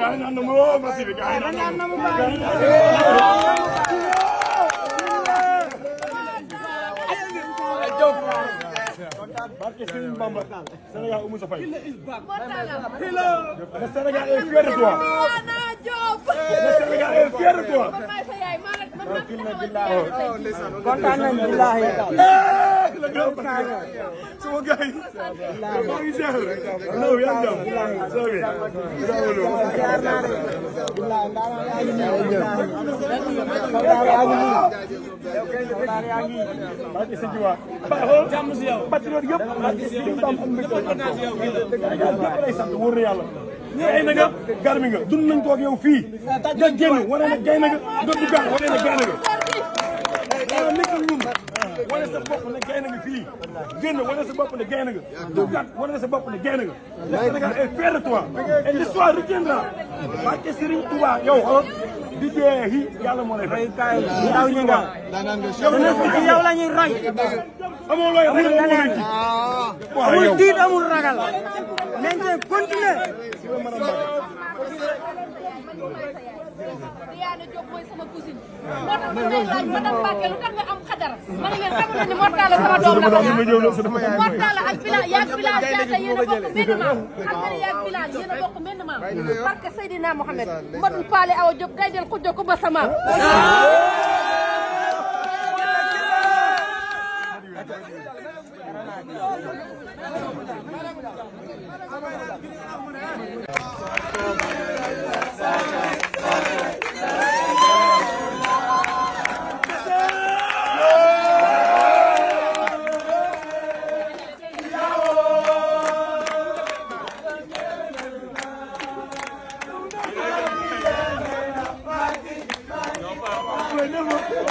Jangan nemu oh, masih, jangan nemu. barke Serigne Bamba Sénégal amul sa fay le Sénégal est fier de toi le Sénégal est fier de toi kontaan nañu billaahi le grand frère sama gars yi maa ngi jeex non yaa ngi jàmm ça va bravo yow ay na nga garmi nga dund nañ ko ak yow fii nga génn wane na gay na nga nga duggaat wane na gay na nga wane sa bopp ne gaynde nga fii génn wane sa bopp ne gaynde nga duggaat wane sa bopp ne gaynde nga le Sénégal est fier de toi et l'histoire retiendra barke Serigne Touba yow xool di jeexi yàlla moo lay fay ndaw ñi nga yow la ñuy roy amul looy amul amul tiit amul ragal nañ cee continuer. Diana Diop mooy sama cousine. moo tax ma lay laaj madame Mbacke lu tax nga am xadar. ma ne leen xam nga ni Mortala sama doom la ko Mortala ak Bilal yaag Bilal Diatta yéen a bokk benn maam. xam nga yaag Bilal yéen a bokk benn maam. parce que Seydina Mohamed Madou Fale Awa Diop day del xujjo ko ba sa maam. Ah! Never.